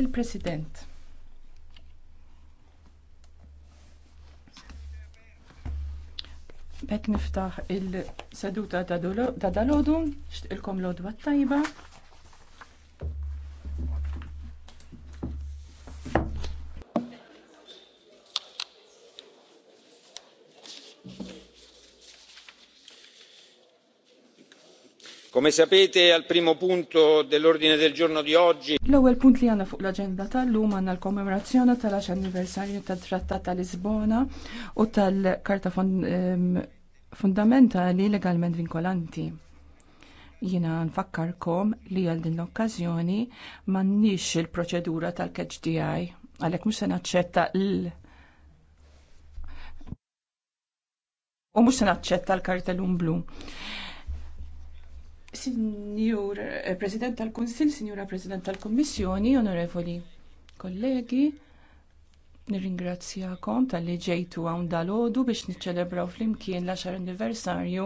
Il-President. Bek niftaħ il-seduta ta' dalodu, xtiqilkom lodwa tajba. Come sapete, al primo punto dell'ordine del giorno di oggi. L-ewwel punt li għandna fuq l-aġenda tal-lum għandna l-kommemorazzjoni tal-10 anniversarju tat-Trattat ta' Lisbona u tal-Karta ehm, Fundamentali legalment vinkolanti. Jiena nfakkarkom li għal din l-okkażjoni m'għandniex il-proċedura tal-catch għalhekk mhux se naċċetta l- u mhux se naċċetta l-kartellum blu. Signor eh, President tal-Kunsil, Signora President tal-Kommissjoni, onorevoli kollegi, nirringrazzjakom tal-li ġejtu għawn dal-ħodu biex niċċelebraw fl-imkien l-10 anniversarju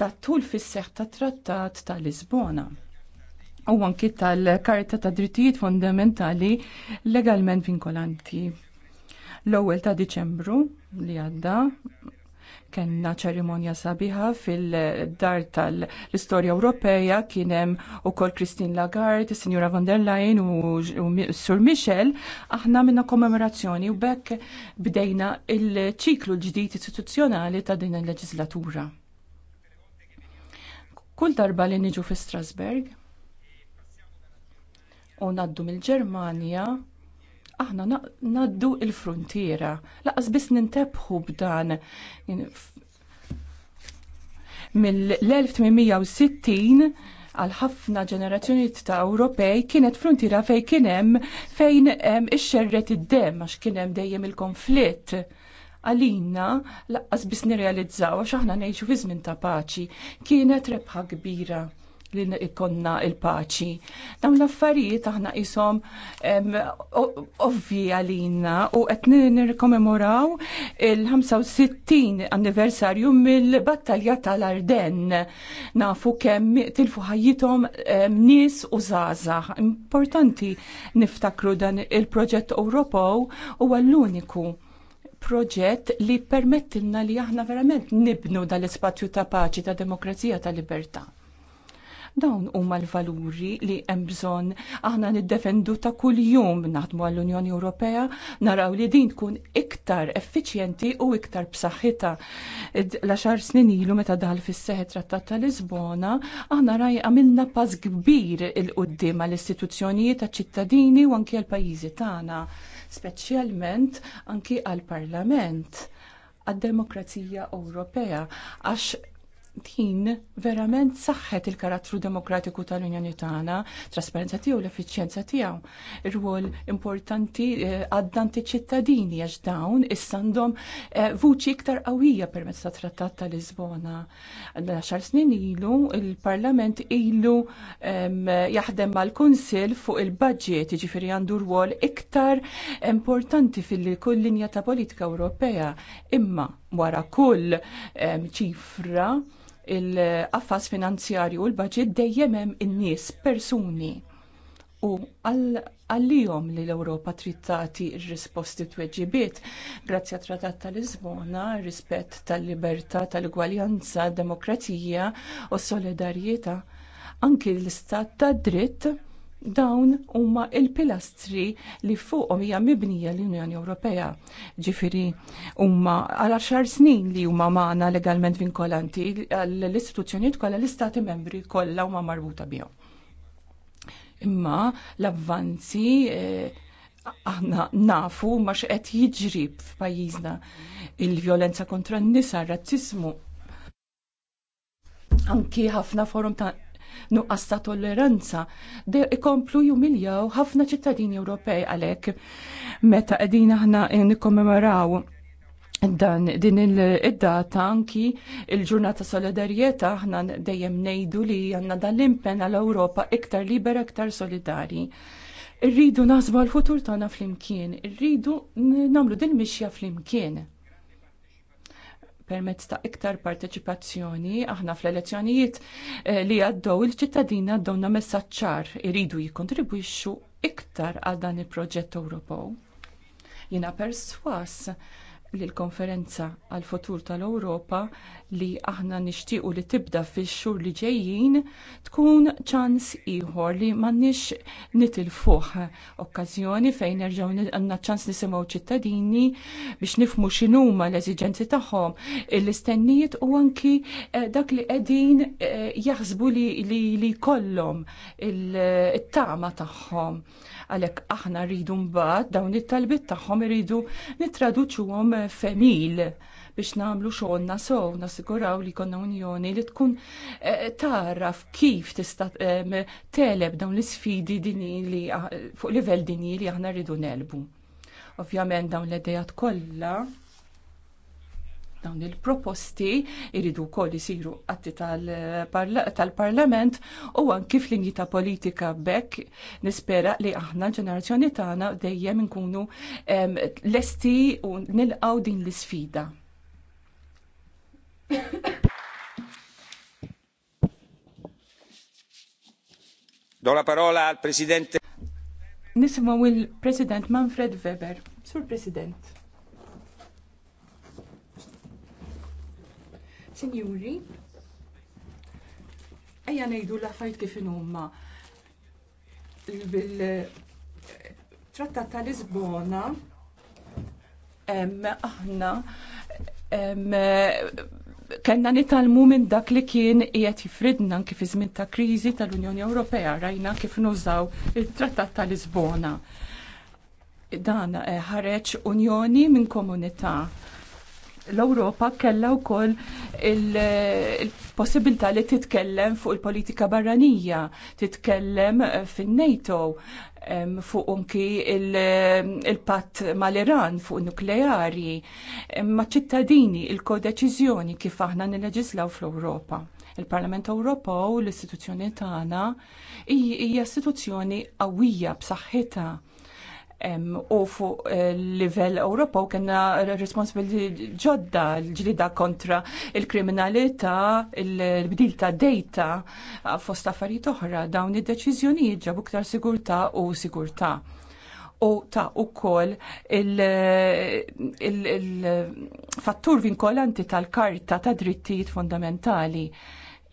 ta' tul fis-seħ ta' trattat ta' Lisbona. U anki tal-Karta ta' Drittijiet Fundamentali legalment vinkolanti. L-ewwel ta' Diċembru li għadda Kenna ċerimonja sabiħa fil-dar tal-istorja Ewropeja kienem u kol Christine Lagarde, Signora von der Leyen u, Sur Michel, aħna minna kommemorazzjoni u bekk bdejna il-ċiklu l-ġdijt istituzzjonali ta' din il-leġislatura. Kull darba li niġu fi Strasberg u naddu mill-Ġermanja aħna naddu il-frontiera, laqas biss nintebħu b'dan mill-1860 għal ħafna ġenerazzjoni ta' Ewropej kienet frontiera fej kien hemm fejn hemm ixxerret id-dem għax kien hemm dejjem il-konflitt. Għalina laqqas biss nirrealizzaw għax aħna ngħixu fi żmien ta' paċi kienet rebħa kbira li ikonna il-paċi. Dawn l-affarijiet aħna isom ovvi għalina u qed nirkomemoraw il-65 anniversarju mill-battalja tal-Arden. Nafu kemm tilfu ħajjithom nies u żgħażagħ. Importanti niftakru dan il-proġett Ewropew huwa l-uniku proġett li permettilna li aħna verament nibnu dal-ispazju ta' paċi, ta' demokrazija, ta' libertà. Dawn huma l-valuri li hemm bżonn aħna niddefendu ta' kuljum naħdmu għall-Unjoni Ewropea naraw li din tkun iktar effiċjenti u iktar b'saħħitha. L-għaxar snin ilu meta daħal fis seħħet trattat ta' Lisbona, aħna raj għamilna pass kbir il qudiem għall-istituzzjonijiet għaċ-ċittadini u anki għall-pajjiżi tagħna, speċjalment anki għall-Parlament għad-demokrazija Ewropea għax din verament saħħet il-karattru demokratiku tal-Unjoni tagħna, trasparenza tiegħu l-effiċjenza tiegħu. Ir-rwol importanti eh, għaddanti ċittadini għax dawn issa għandhom eh, vuċi iktar qawwija permezz ta' Trattat ta' Lisbona. Xar snin ilu il-Parlament ilu jaħdem mal-Kunsill fuq il-budget, jiġifieri għandu rwol iktar importanti fil-kull linja ta' politika Ewropea. Imma wara kull ċifra il-qaffas finanzjarju u l-budget dejjem hemm in-nies persuni u għallijom li l-Ewropa trid tagħti r-risposti tweġibiet grazzi għat-Tratat tal-Lisbona, rispett tal-libertà, tal-gwaljanza, demokrazija u s solidarjetà anki l-istat tad dritt Dawn huma il-pilastri li fuqhom hija mibnija l-Unjoni Ewropea. Ġifieri huma għal xar snin li huma magħna legalment vinkolanti l-istituzzjonijiet kollha l-istati membri kollha huma marbuta bihom. Imma l-avvanzi eh, aħna nafu ma x'qed jiġri f'pajjiżna il-vjolenza kontra n-nisa, r-razzismu. Anki ħafna forum ta' nuqqas ta' tolleranza ikomplu jumiljaw ħafna ċittadini Ewropej għalhekk meta qegħdin aħna nikkommemoraw dan din il-data anki il-ġurnata solidarjeta aħna dejjem nejdu li għanna dan l-impen għal Ewropa iktar libera, iktar solidari. Irridu nasbu għal-futur tagħna flimkien, irridu namlu din mixja flimkien permezz ta' iktar parteċipazzjoni aħna fl-elezzjonijiet eh, li għaddew il-ċittadini għaddewna messaċċar iridu jikkontribwixxu iktar għal dan il-proġett Ewropew. Jiena perswas li l-konferenza għal futur tal-Ewropa li aħna nixtiequ li tibda fix-xhur li ġejjin tkun ċans ieħor li m'għandniex nitilfuh okkażjoni fejn nerġgħu għandna ċans nisimgħu ċittadini biex nifmu x'inhuma l-eżiġenzi tagħhom, l-istennijiet u anki eh, dak li qegħdin eh, jaħsbu li jkollhom it-tama tagħhom. Għalhekk aħna rridu mbagħad dawn it-talbiet tagħhom iridu nittraduċuhom femil biex nagħmlu xogħolna sow nassiguraw li jkollna Unjoni li tkun eh, taraf kif tista' eh, teleb dawn l-isfidi dinji li fuq livell dinji li aħna rridu nelbu. Ovvjament dawn l-idejat kollha dawn il-proposti iridu wkoll isiru atti eh, tal-parlament u anki f-linji ta' politika bekk nispera li aħna l-ġenerazzjoni tagħna dejjem nkunu lesti u nilqgħu din l-isfida. Do parola al Presidente. Nisimaw il-President Manfred Weber. Sur President. Signori, ejja nejdu l-affarijiet kif huma. Bil-Trattat ta' Lisbona aħna kellna nitalmu minn dak li kien jgħet jifridna kif iżmin ta' kriżi tal-Unjoni Ewropea rajna kif nużaw it-Trattat ta' Lisbona. Dan eh, ħareġ Unjoni minn komunità l-Ewropa kellha wkoll il-possibilità li titkellem fuq il-politika barranija, titkellem eh, fin-NATO fuq unki il-patt mal-Iran fuq nukleari, ma' ċittadini il-kodeċiżjoni kif aħna nileġislaw fl-Ewropa. Il-Parlament Ewropew l-istituzzjoni tagħna hija istituzzjoni qawwija b'saħħitha u fuq eh, livell u kena responsabili ġodda l-ġlida kontra il-kriminalità, il-bdil ta' dejta fost affarijiet oħra dawn id-deċiżjonijiet ġabu ktar sigurtà u sigurtà u ta' u kol il-fattur il, il vinkolanti tal-karta ta' drittijiet fundamentali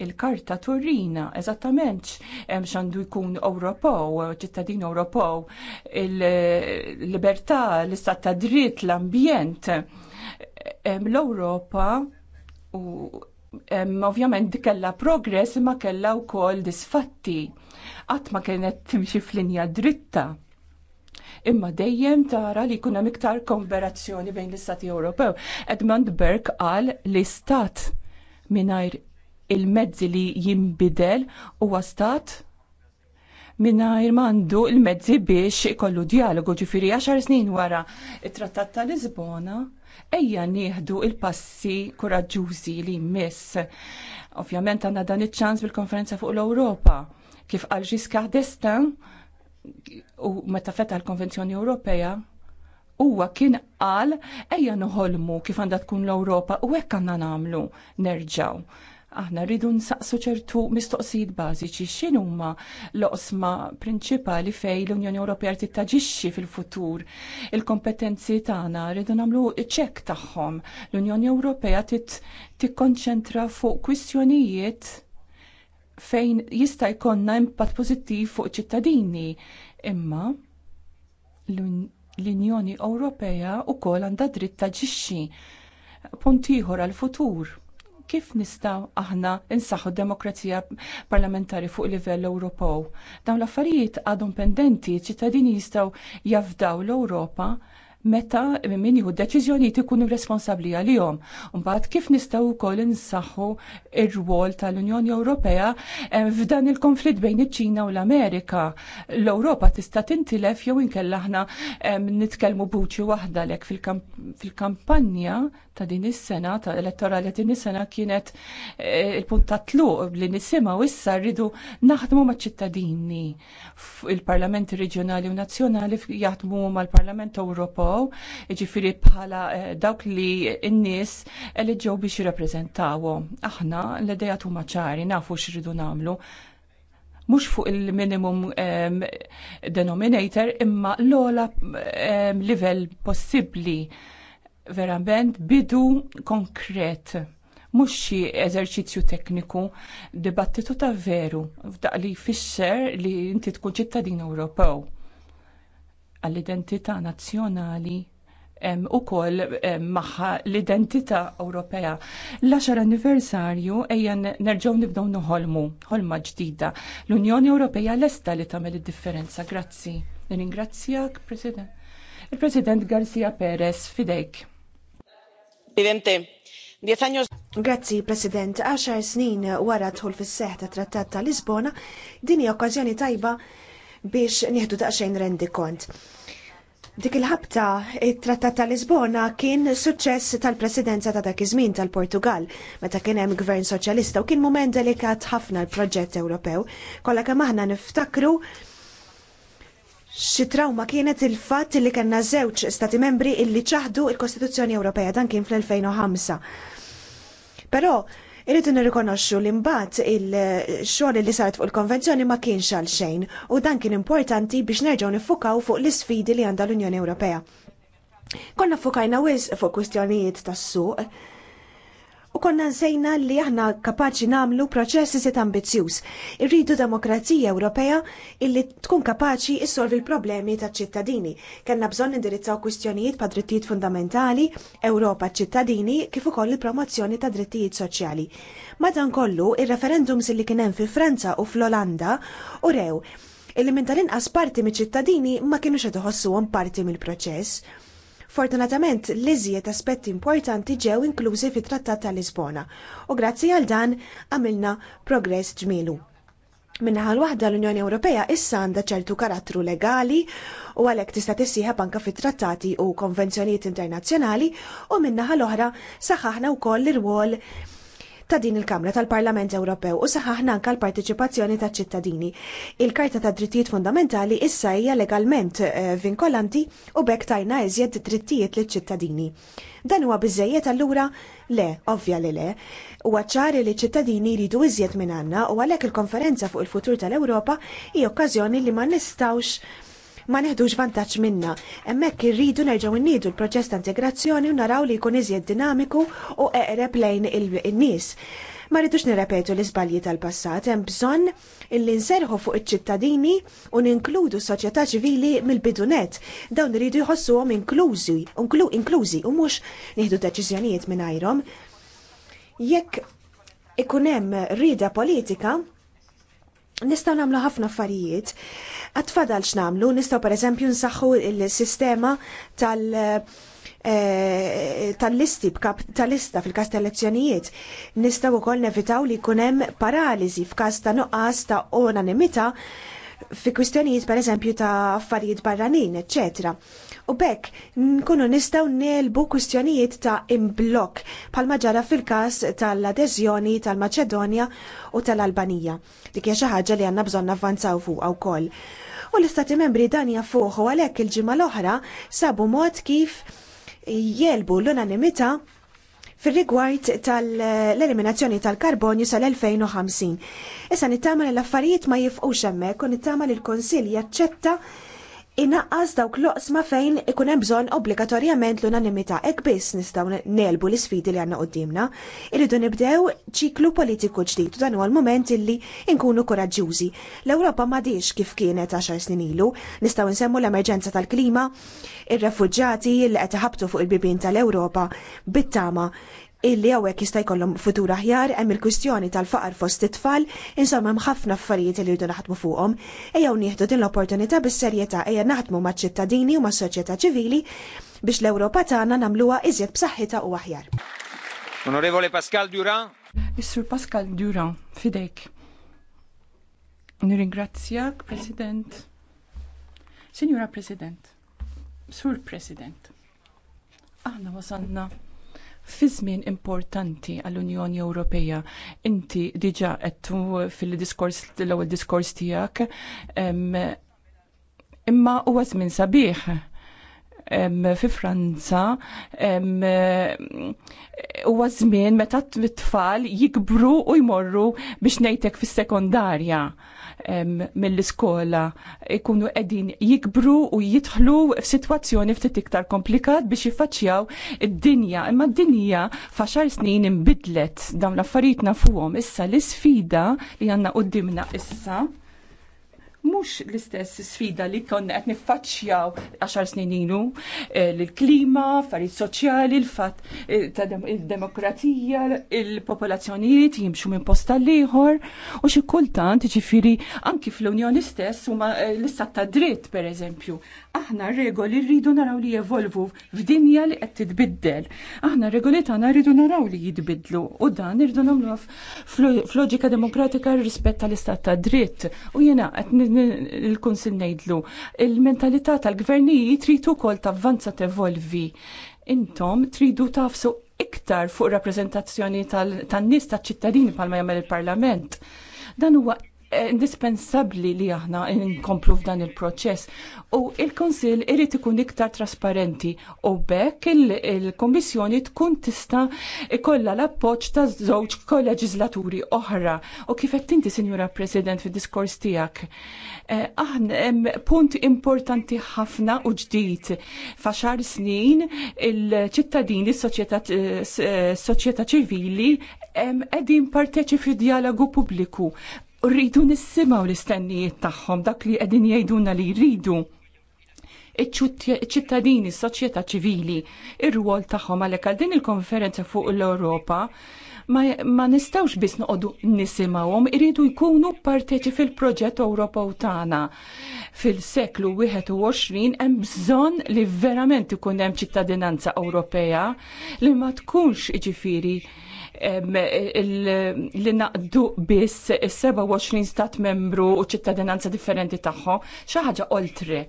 il-karta turrina eżattament hemm x'għandu jkun Ewropew, ċittadin Ewropew, il-libertà, l-istat ta' dritt, l-ambjent. L-Ewropa u ovvjament kella progress ma kella wkoll disfatti. Qatt ma kienet timxi f'linja dritta imma dejjem tara li kuna miktar konverazzjoni bejn l-Istati Ewropew. Edmund Burke qal l-Istat mingħajr il-mezzi li jimbidel huwa stat mingħajr m'għandu il-mezzi biex ikollu dialogu ġifiri 10 snin wara it-trattat ta' Lisbona ejja nieħdu il-passi kuraġġużi li jmiss. Ovvjament għandna dan iċ-ċans bil-konferenza fuq l-Ewropa. Kif qal Ġiska Destan u meta feta l-Konvenzjoni Ewropea, huwa kien qal ejja noħolmu kif għandha tkun l-Ewropa u hekk għandna nagħmlu nerġgħu aħna rridu nsaqsu ċertu mistoqsijiet bażiċi x'in huma l-oqsma prinċipali fejn l-Unjoni Ewropea trid taġixxi fil-futur. Il-kompetenzi tagħna rridu nagħmlu ċek tagħhom. L-Unjoni Ewropea trid tikkonċentra fuq kwistjonijiet fejn jista' jkollna impatt pożittiv fuq ċittadini. Imma l-Unjoni Ewropea wkoll għandha dritt taġixxi punt ieħor għall futur kif nistgħu aħna insaħħu demokrazija parlamentari fuq livell Ewropew. Dawn l-affarijiet għadhom pendenti, ċittadini jistgħu jafdaw l-Ewropa meta min jieħu deċiżjonijiet ikunu responsabbli għalihom. Mbagħad kif nistgħu wkoll insaħħu r-rwol tal-Unjoni Ewropea eh, f'dan il-konflitt bejn iċ-Ċina u l-Amerika. L-Ewropa tista' tintilef jew inkella aħna eh, nitkellmu buċi waħda lek fil-kampanja ta' din is-sena, ta' elettorali din is-sena kienet eh, il-punt ta' tluq li nisimgħu issa rridu naħdmu maċ-ċittadini il-parlamenti reġjonali u nazzjonali jaħdmu mal-Parlament Ewropew, jiġifieri bħala eh, dawk li n-nies eliġew biex jirrappreżentawhom. Aħna l-idea huma ċari, nafu x'ridu nagħmlu mux fuq il-minimum um, denominator imma l-ola um, ehm, level possibli verament bidu konkret, mhux xi eżerċizzju tekniku, dibattitu ta' veru, f'daq li jfisser li inti tkun ċittadin Ewropew. Għall-identità nazzjonali u koll maħħa l-identità Ewropea. L-10 anniversarju ejja nerġgħu nibdew nuħolmu, ħolma ġdida. L-Unjoni Ewropea lesta li tagħmel id-differenza. Grazzi. Ringrazzjak, President. Il-President Garcia Perez fidejk. Grazzi, President. Għaxar snin wara dħul fis seħħ ta' Trattat ta' Lisbona, din hija okkażjoni tajba biex nieħdu daqsxejn rendi kont. Dik il-ħabta, it-Trattat ta' Lisbona kien suċċess tal-presidenza ta' dak iż-żmien tal-Portugal, meta kien hemm gvern soċjalista u kien mument delikat ħafna l-proġett Ewropew. Kollha kemm aħna niftakru Xi trawma kienet il-fatt li kellna żewġ stati membri illi ċaħdu il-Kostituzzjoni Ewropea dan kien fl-2005. Però irrid nirrikonoxxu li mbagħad il-xogħol li saret fuq il-konvenzjoni ma kienx għal xejn u dan kien importanti biex nerġgħu nifukaw fuq l-isfidi li għandha l-Unjoni Ewropea. Konna fukajna wis fuq kwistjonijiet tas-suq, u konna nsejna li aħna kapaċi namlu proċessi set ambizzjuż. Irridu demokrazija Ewropea illi tkun kapaċi issolvi l-problemi ta' ċittadini. Kenna bżonn indirizzaw kwistjonijiet pa' drittijiet fundamentali, Ewropa ċittadini kif ukoll il-promozzjoni ta' drittijiet soċjali. Madankollu, il referendums li kien hemm fi Franza u fl-Olanda u rew illi minn tal-inqas parti miċ-ċittadini ma kienux qed iħossuhom parti mill-proċess Fortunatament, l-iżjed aspetti importanti ġew inklużi fit-Trattat ta' Lisbona u grazzi għal dan għamilna progress ġmielu. Minnaħal waħda l-Unjoni Ewropea issa għandha ċertu karattru legali u għalhekk tista' tissieħab anke fit-trattati u konvenzjonijiet internazzjonali u minnaħal oħra saħaħna wkoll ir-rwol ta' din il-Kamra tal-Parlament Ewropew u saħaħna anka l-partiċipazzjoni ta' ċittadini. Il-Karta ta' Drittijiet Fundamentali issa hija legalment eh, vinkolanti u bekk tajna iżjed drittijiet liċ ċittadini Dan huwa biżejjed allura? Le, ovvja li le. U ċari li ċittadini jridu iżjed minn għanna u għalhekk il-konferenza fuq il-futur tal-Ewropa hija okkażjoni li ma nistawx ma neħdux vantaġġ minna. Hemmhekk irridu nerġgħu nniedu l-proċess ta' integrazzjoni u naraw li jkun iżjed dinamiku u eqreb lejn il nies Ma rridux nirrepetu l-iżbalji tal-passat, hemm bżonn illi nserħu fuq iċ-ċittadini u ninkludu s-soċjetà ċivili mill-bidunet. Dawn irridu jħossuhom inklużi, inklużi u mhux nieħdu deċiżjonijiet mingħajrhom. Jekk ikun hemm rida politika, nistgħu nagħmlu ħafna affarijiet. Għatfadal x'namlu, nistgħu pereżempju nsaħħu il-sistema tal- eh, tal-listi tal-lista fil-kas tal-elezzjonijiet nistaw wkoll nevitaw li jkun hemm paraliżi f'każ ta' nuqqas ta' unanimità fi kwistjonijiet per eżempju ta' affarijiet barranin, ecc. U bekk nkunu nistaw nelbu kwistjonijiet ta' imblok palma ġara fil-kas tal-adeżjoni tal-Maċedonja u tal-Albanija. Dik hija xi ħaġa li għandna bżonn avvanzaw fuqha wkoll. U l-istati membri dan jafuħu għalhekk il-ġimgħa l-oħra sabu mod kif jelbu l-unanimità fil-rigward tal-eliminazzjoni tal-karbonju sal-2050. Issa nittama l-affarijiet ma jifqux hemmhekk u nittama l-Konsil jaċċetta inaqqas dawk loqsma fejn ikun hemm bżonn obbligatorjament l-unanimità hekk biss nistgħu nelbu l-isfidi li għandna qudiemna. Irridu nibdew ċiklu politiku ġdid u dan huwa l-mument illi nkunu koraġġjużi. L-Ewropa m'għadix kif kienet 10 snin ilu, nistgħu nsemmu l-emerġenza tal-klima, ir-refuġġati li qed iħabtu fuq il-bibien tal-Ewropa bit-tama illi għawek jista' jkollhom futur aħjar hemm il-kwistjoni tal-faqar fost it-tfal, insomma hemm ħafna affarijiet li rridu naħdmu fuqhom. Ejjew nieħdu din l-opportunità bis-serjetà ejja naħdmu maċ-ċittadini u mas-soċjetà ċivili biex l-Ewropa tagħna nagħmluha iżjed b'saħħitha u aħjar. Onorevole Pascal Durand. is Pascal Durand, fidejk. Nirringrazzjak, President. Signora President, Sur President, aħna wasanna fi żmien importanti għall-Unjoni Ewropea. Inti diġa qed fil-diskors l-ewwel diskors tiegħek imma huwa żmien sabiħ fi Franza huwa żmien meta t-tfal jikbru u jmorru biex ngħidlek fis-sekondarja mill-iskola ikunu qegħdin jikbru u jidħlu f'sitwazzjoni ftit iktar komplikat biex jiffaċċjaw id-dinja. Imma d-dinja faxar snin inbidlet dawn l-affarijiet nafuhom issa l-isfida li għandna qudiemna issa mhux l-istess sfida li konna qed niffaċċjaw 10 snin ilu eh, l-klima, affarijiet soċjali, l-fatt eh, ta' il-demokratija, il-popolazzjonijiet jimxu minn posta l-ieħor u xi kultant jiġifieri anki fl-Unjoni stess huma eh, l-istat ta' dritt pereżempju Aħna regoli rridu naraw li jevolvu f'dinja li qed titbiddel. Aħna regoli tagħna rridu naraw li jitbidlu u dan irridu nagħmlu f'loġika demokratika rispett tal-istat ta' dritt. U jiena qed il-kunsil ngħidlu il-mentalità tal-gvernijiet tridu wkoll tavvanza tevolvi. Intom tridu tafsu iktar fuq rappresentazzjoni tan-nies taċ-ċittadini palma jagħmel il-Parlament. Dan huwa indispensabbli li aħna nkomplu f'dan il-proċess. U il-Konsil irid ikun iktar trasparenti u bekk il-Kommissjoni tkun tista' ikollha l-appoġġ ta' żewġ kolleġislaturi oħra. U kif qed inti, Sinjura President, fid-diskors tiegħek. Eh, aħna punt importanti ħafna u ġdid fa' xar snin il-ċittadini, s-soċjetà ċivili qegħdin parteċi fid-dialogu pubbliku rridu nissimaw l-istennijiet tagħhom dak li qegħdin jgħiduna li jridu iċ-ċittadini, s-soċjetà ċivili, ir-rwol tagħhom għalhekk għal din il-konferenza fuq l-Ewropa ma, ma nistawx biss noqogħdu nisimgħuhom, iridu jkunu parteċi fil-proġett Ewropew tagħna. Fil-seklu 21 hemm bżonn li verament ikun hemm ċittadinanza Ewropea li ma tkunx ġifiri li naqdu biss 27 stat membru u ċittadinanza differenti tagħhom xi ħaġa oltre.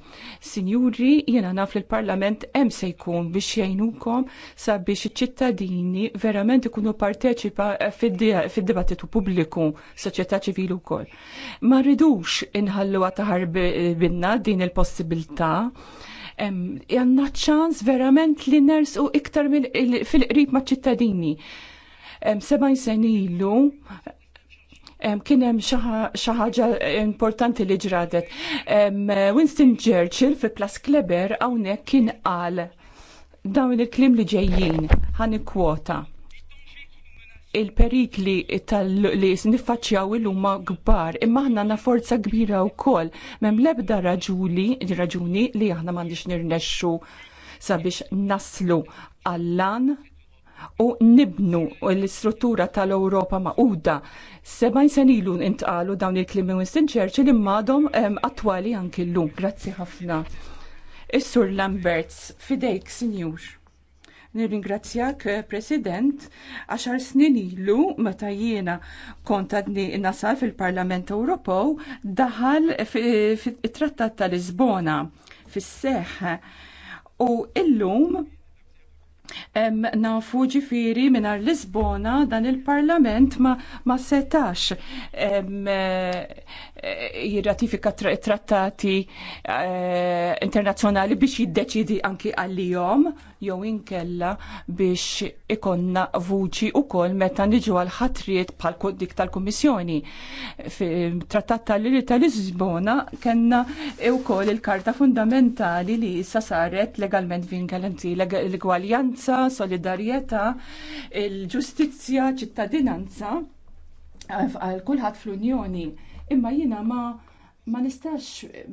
Sinjuri, jiena naf li l-Parlament hemm se jkun biex jgħinukom sabiex iċ-ċittadini verament ikunu parteċipa fid-dibattitu pubbliku, soċjetà ċivili wkoll. Ma rridux inħalluha għataħar binna din il-possibilità għanna ċans verament li nersu iktar fil-qrib ma' ċittadini. Seba' sen ilu kien hemm xi ħaġa importanti li ġradet. Winston Churchill fi Plas Kleber hawnhekk kien qal dawn il-klim li ġejjin ħan kwota il-perikli tal-li niffaċċjaw il-huma kbar, imma aħna na forza kbira wkoll koll l-ebda raġuli, raġuni li aħna m'għandix nirnexxu sabiex naslu għallan lan u nibnu l-istruttura tal-Europa maquda. Seba' sen ilu intqalu dawn il-klimi Winston Churchill immadhom attwali anki l-lum. Grazzi ħafna. Is-Sur Lamberts, fidejk, Sinjur. Nirringrazzjak, eh, President, għaxar snin ilu meta jiena kontadni nasal fil-Parlament Ewropew daħal fit-Trattat tal-Lisbona fis-seħ. U illum nafu ġifiri minar Lisbona dan il-parlament ma, ma setax Eh, jirratifika trattati eh, internazzjonali biex jiddeċidi anki għal-jom jew inkella biex ikonna vuċi u kol meta niġu għal-ħatriet bħal dik tal-Kummissjoni. Trattat tal-Lisbona tal kena u kol il-Karta Fundamentali li issa saret legalment vingalanti l-gwaljanza, solidarieta, il-ġustizja, ċittadinanza għal kulħadd fl-Unjoni Imma jiena ma ma nistax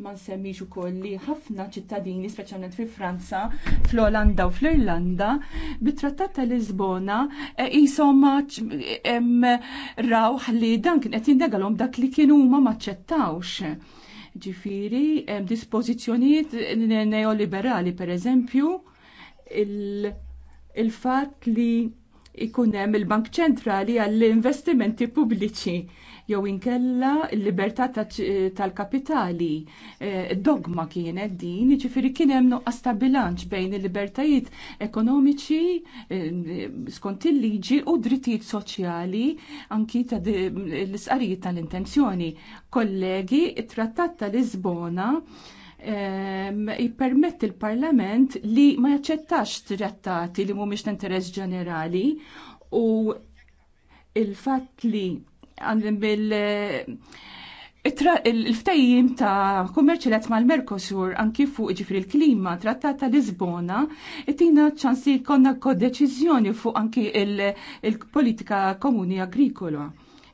ma nsemmix ukoll li ħafna ċittadini, speċjalment fi Franza, fl-Olanda u fl-Irlanda, bit-trattat ta' Lisbona jisom e, rawħ li dan kien qed jindegalhom dak li kienu huma maċċettawx. Ġifiri, dispożizzjonijiet neoliberali, per eżempju, il-fat li ikun hemm il-Bank Ċentrali għall-investimenti pubbliċi jew inkella l-libertà tal-kapitali. Eh, dogma kienet din, ġifiri kien hemm nuqqas ta' bilanċ bejn il-libertajiet ekonomiċi eh, skont il-liġi u drittijiet soċjali anki ta' l-isqarijiet tal-intenzjoni. Kollegi, it-Trattat tal Lisbona jippermett ehm, il-Parlament li ma jaċċettax trattati li mhumiex ta' interess ġenerali u il-fatt li bil il-ftajjim ta' kummerċilet mal-Merkosur anki fuq ġifri l klima trattat ta' Lisbona, tina ċansi konna deċizjoni fuq anki il-politika komuni agrikola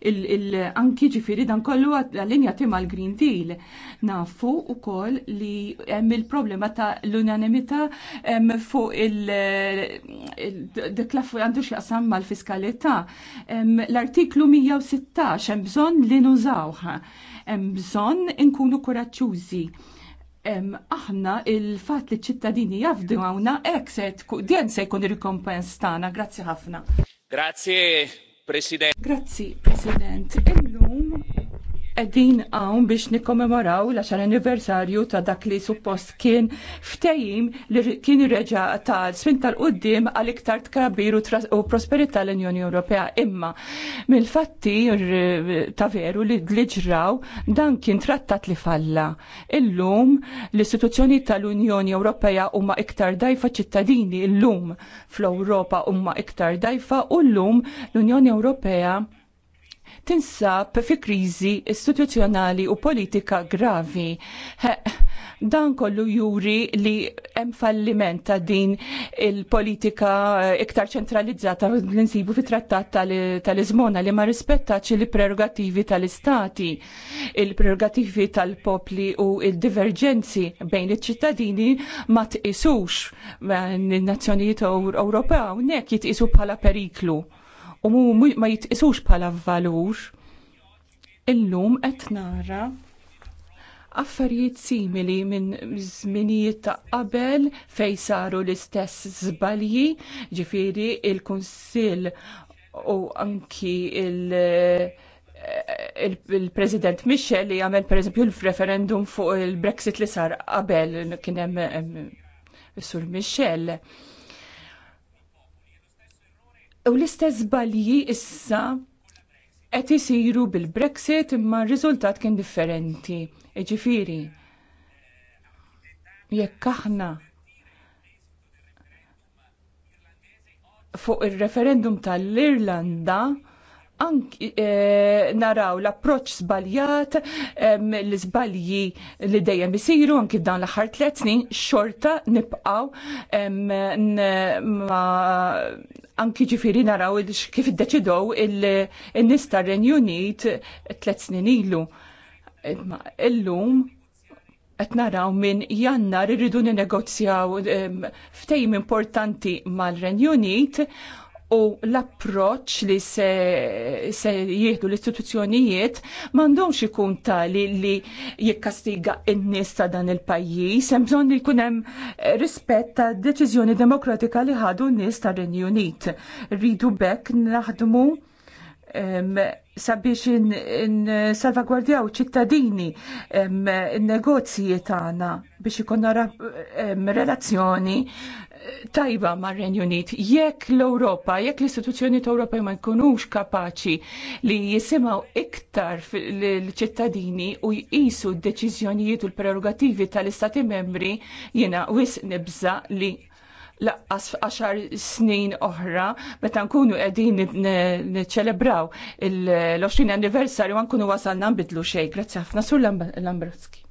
anki ġifiri dan kollu għal-linja tima l-Green Deal. Nafu u koll li hemm il-problema ta' l-unanimità fuq il-dekla għandu xjaqsam mal-fiskalità. L-artiklu 116 hemm bżonn li nużawha. Hemm bżonn inkunu koraċċużi aħna il-fat li ċittadini jafdu għawna ekset, dien se jkun il rekompens tana. Grazzi ħafna. Grazie President. Grazzi, President edin għawn biex nikkommemoraw l-10 anniversarju ta' dak li suppost kien ftejim li kien reġa ta' sfin tal-qoddim għal iktar tkabbir u prosperità l-Unjoni Ewropea. Imma mill-fatti ta' veru li ġraw dan kien trattat li falla. Illum l-istituzzjoni tal-Unjoni Ewropea huma iktar dajfa ċittadini illum fl-Ewropa huma iktar dajfa u llum l-Unjoni Ewropea tinsab fi kriżi istituzzjonali u politika gravi. Dan kollu juri li hemm falliment ta' din il-politika iktar ċentralizzata li nsibu fit trattat tal-Izmona li ma rispettax il-prerogativi tal-istati, il-prerogativi tal-popli u il-divergenzi bejn iċ-ċittadini ma tqisux eh, n-nazzjonijiet Ewropew nek jitqisu bħala periklu u ma jitqisux bħala valur, illum qed nara affarijiet simili minn żminijiet ta' qabel fej saru l-istess żbalji, ġifieri il-Kunsill u anki eh, il- il-President Michel li għamel per eżempju l-referendum fuq il-Brexit li sar qabel kien hemm Sur Michel U l-istess balji issa qed isiru bil-Brexit imma r-riżultat kien differenti. jiġifieri. jekk aħna fuq ir referendum tal-Irlanda Ank, eh, naraw l-approċ zbaljat, l zbalji li dejjem isiru anki dan l-aħħar tliet snin xorta nibqgħu anki ġifiri naraw kif id-deċidow il-nies tar-Renju Unit tliet snin ilu. Illum qed naraw minn jannar irridu ninegozjaw ftejm importanti mal-Renju Unit u l-approċ li se, se jieħdu l-istituzzjonijiet m'għandhomx ikun tali li jikkastiga n-nies ta' dan il-pajjiż, hemm bżonn li jkun hemm rispett ta' deċiżjoni demokratika li ħadu n-nies ta' Renju Unit. Rridu bekk naħdmu um, sabiex in-salvagwardjaw ċittadini in-negozji tagħna biex ikonna relazzjoni tajba mar renju Unit. Jekk l-Ewropa, jekk l-istituzzjoni Europa ma jkunux kapaċi li jisimaw iktar l-ċittadini u jqisu d-deċiżjonijiet u l-prerogativi tal-Istati membri, jiena wis nibża li laqqas għaxar snin oħra, meta nkunu qegħdin niċċelebraw l-20 anniversarju nkunu wasalna nbidlu xejn. Grazzi ħafna sur Lambrowski.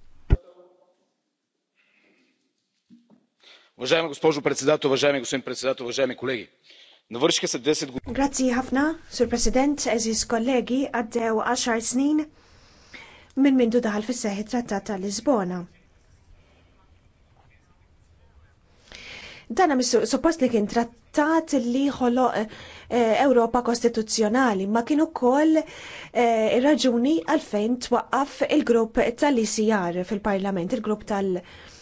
Уважаема госпожо председател, уважаеми господин председател, уважаеми колеги. Навършиха се 10 години. ħafna, Sur President, eżis kollegi, għaddew għaxar snin minn mindu daħal fis it trattat ta' Lisbona. Dana suppost li kien trattat li ħolo Ewropa kostituzzjonali, ma kienu koll raġuni għalfejn twaqqaf il-grupp tal-ICR fil-parlament, il-grupp tal-ICR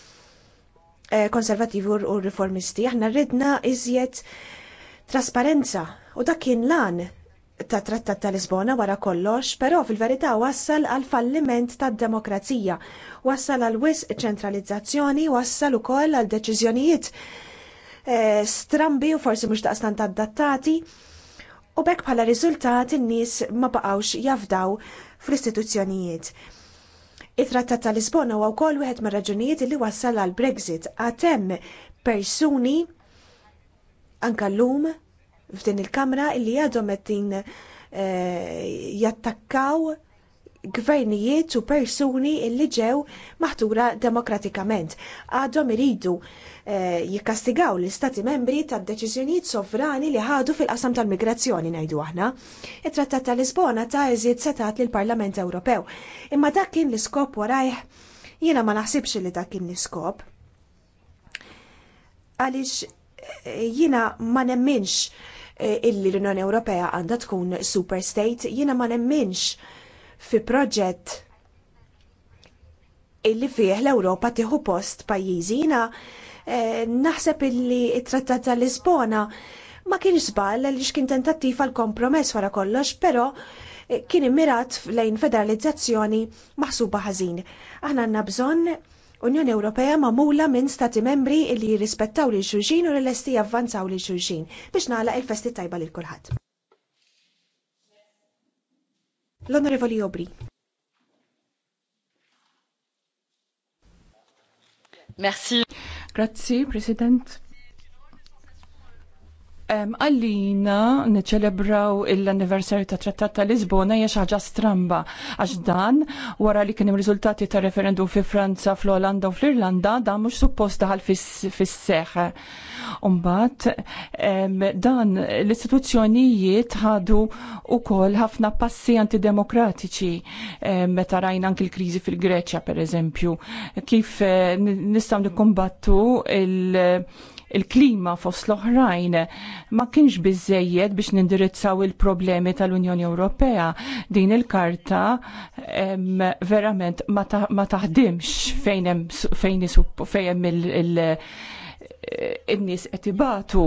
Eh, konservativi u riformisti. Aħna rridna iżjed trasparenza u dak kien lan ta' trattat ta' Lisbona wara kollox, però fil-verità wassal għal falliment tad demokrazija, wassal għal wisq ċentralizzazzjoni, wassal ukoll għal deċiżjonijiet e, strambi u forsi mhux daqstant adattati. U bekk bħala riżultat in-nies ma baqgħux jafdaw fl-istituzzjonijiet it-trattat ta' Lisbona huwa wkoll wieħed mir-raġunijiet li wassal għal Brexit għad hemm persuni anka llum f'din il-Kamra li għadhom qed eh, jattakkaw gvernijiet u persuni illi ġew maħtura demokratikament. Għadhom iridu eh, jikkastigaw l-istati membri tad deċiżjonijiet sovrani li ħadu fil-qasam tal-migrazzjoni ngħidu aħna. It-Trattat tal-Lisbona ta' eżiet setat lill-Parlament Ewropew. Imma dak kien l-iskop warajh jiena ma naħsibx li dak kien l-iskop. Għaliex eh, jiena ma nemminx eh, illi l-Unjoni Ewropea għandha tkun super state, jiena ma nemminx fi proġett illi fih l-Ewropa tieħu post pajjiżina eh, naħseb illi it-Trattat tal-Lisbona ma kienx żball għaliex kien tentattiv għal kompromess wara kollox, però eh, kien immirat lejn federalizzazzjoni maħsuba ħażin. Aħna għandna bżonn Unjoni Ewropea magħmula minn stati membri li jirrispettaw lil xulxin u l-lesti javvanzaw lil xulxin biex nagħlaq il-festi tajba lil kulħadd. L-Onorevoli Obri. Merci. Grazie, President. Għallina neċelebraw l-anniversarju ta' Trattat ta' Lisbona hija ħaġa stramba għax dan wara li kien hemm riżultati ta' referendum fi Franza, fl-Olanda u fl-Irlanda dan mhux suppost daħal fis-seħ. Umbat, dan l-istituzzjonijiet ħadu ukoll ħafna passi antidemokratiċi meta rajna anki l-kriżi fil-Greċja pereżempju. Kif eh, nistgħu nikombattu il- il-klima fost l-oħrajn ma kienx biżejjed biex nindirizzaw il-problemi tal-Unjoni Ewropea. Din il-karta verament ma taħdimx fejn hemm il-nies qed ibatu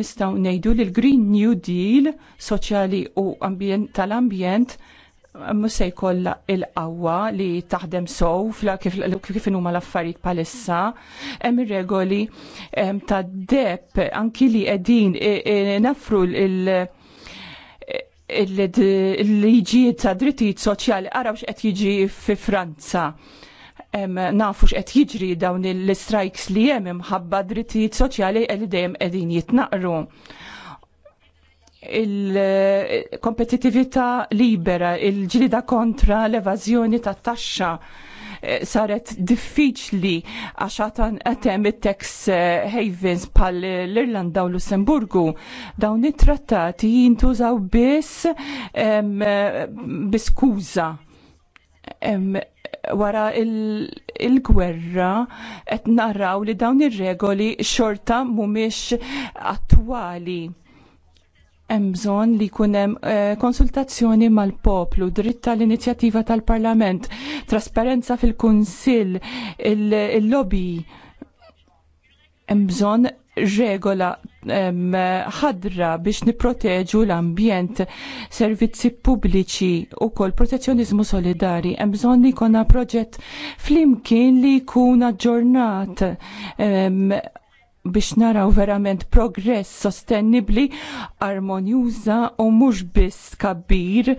nistgħu ngħidu li l-Green New Deal soċjali u tal-ambjent mhux se jkollha il-qawwa li taħdem sow kif huma l-affarijiet bħalissa, hemm ir-regoli ta' deb anki li qegħdin nafru il- il-liġijiet ta' drittijiet soċjali araw x'qed jiġi fi Franza nafu x'qed jiġri dawn l-strikes li hemm imħabba drittijiet soċjali li dejjem qegħdin jitnaqru il-kompetitività libera, il ġilida kontra l-evazjoni ta' taxxa eh, saret diffiċli għax għatem it tex eh, havens pal l-Irlanda u Lussemburgu. Dawn it-trattati jintużaw biss eh, biskuza wara il-gwerra il qed narraw li dawn ir-regoli xorta mhumiex attwali hemm bżonn li jkun hemm eh, konsultazzjoni mal-poplu, dritt tal-inizjattiva tal-Parlament, trasparenza fil-Kunsill, il-lobby. Hemm bżonn regola ħadra biex niproteġu l-ambjent, servizzi pubbliċi u kol protezzjonizmu solidari. Hemm bżonn li jkollna proġett flimkien li jkun aġġornat biex naraw verament progress sostenibli, armonjuża u mhux biss kabbir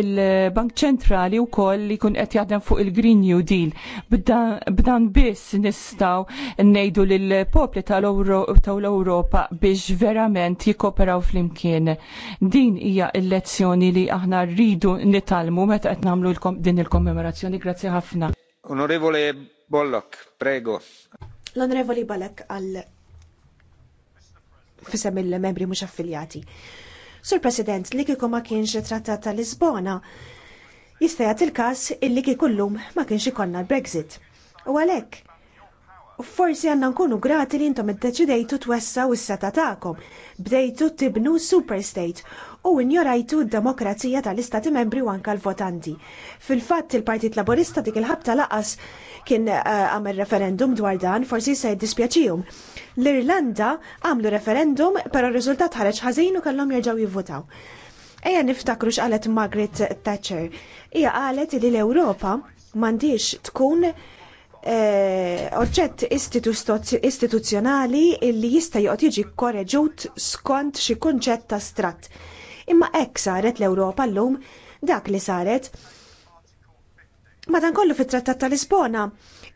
il-Bank ċentrali u koll li kun qed jaħdem fuq il-Green New Deal. B'dan biss nistaw nejdu lill-popli tal-Ewropa biex verament jikoperaw flimkien. Din hija l-lezzjoni li aħna rridu nitalmu meta qed nagħmlu din il-kommemorazzjoni. Grazzi ħafna. Onorevole Bollock, prego. L-Onorevoli Balek għal fisem il-membri mhux affiljati. Sur President, li kieku ma kienx trattat ta' Lisbona, jistajat il-kas il-li kikullum ma kienx ikonna l-Brexit. U għalhekk forsi għanna nkunu grati li intom id-deċidejtu twessaw is-seta tagħkom, bdejtu tibnu superstate u injorajtu d-demokrazija tal-istati membri u anka l-votanti. Fil-fatt il-Partit Laborista dik il-ħabta laqas kien eh, għamel uh, referendum dwar dan forsi se dispjaċijum. L-Irlanda għamlu referendum però r-riżultat ħareġ ħazinu kellhom jerġgħu jivvotaw. Ejja niftakru x'qalet Margaret Thatcher. Hija qalet li l-Ewropa m'għandix tkun Eh, oġġett istituzzjonali li jista' joqgħod jiġi korreġut skont xi kunċett astratt. Imma hekk saret l-Ewropa llum dak li saret. Madankollu fit-Trattat ta' Lisbona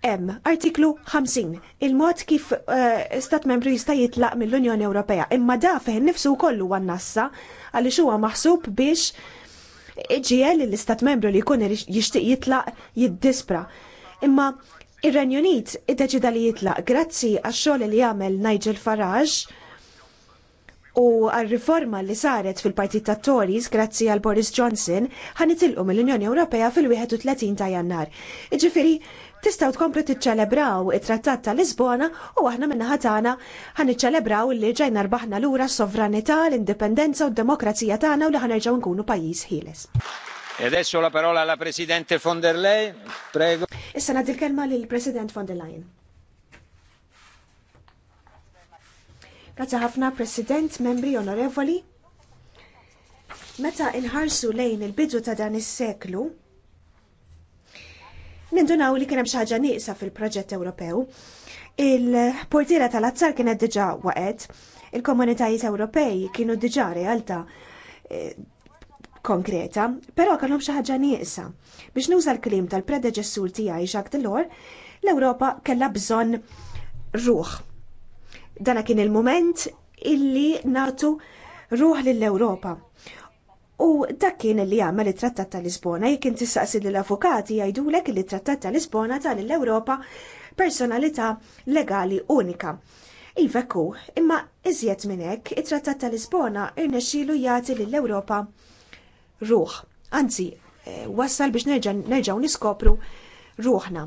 hemm artiklu 50 il-mod kif uh, stat membru jista' jitlaq mill-Unjoni Ewropea imma da fih nifsu kollu għannassa għaliex huwa maħsub biex iġiel l-istat membru li jkun jixtieq jitlaq jiddispra. Imma Ir-Renju Unit iddeċida li jitlaq grazzi għax xogħol li jagħmel Nigel Farage u għal riforma li saret fil-partit ta' Tories grazzi għal Boris Johnson ħanitilqu mill-Unjoni Ewropea fil-31 ta' Jannar. Iġifieri tistgħu tkomplu tiċċelebraw it-Trattat ta' Lisbona u aħna min-naħa tagħna iċċelebraw li ġejna rbaħna lura s-sovranità, l-indipendenza u d-demokrazija tagħna u li ħanerġgħu nkunu pajjiż ħieles. E adesso la parola alla Presidente von der Leyen. Prego. Issa nagħti l-kelma lil President von der Leyen. Grazie ħafna President, membri onorevoli. Meta inħarsu lejn il-bidu ta' dan is-seklu, nindunaw li kien hemm xi ħaġa nieqsa fil-proġett Ewropew. Il-portiera tal-azzar kienet diġà waqgħet, il-komunitajiet Ewropej kienu diġà realtà konkreta, però kellhom xi ħaġa nieqsa. Biex nuża l-klim tal-predeċessur tiegħi Jacques Delors, l-Ewropa kellha bżonn ruħ. Dana kien il-moment illi natu ruħ lill-Ewropa. U dak kien li għamel it-Trattat ta' Lisbona, jekk inti saqsi lill-avukati jgħidulek li trattat ta' Lisbona tal l-Ewropa personalità legali unika. Ivekku, imma iżjed minn hekk, it-Trattat ta' Lisbona irnexxielu jagħti lill-Ewropa ruħ. Anzi, eh, wassal biex nerġaw niskopru ruħna.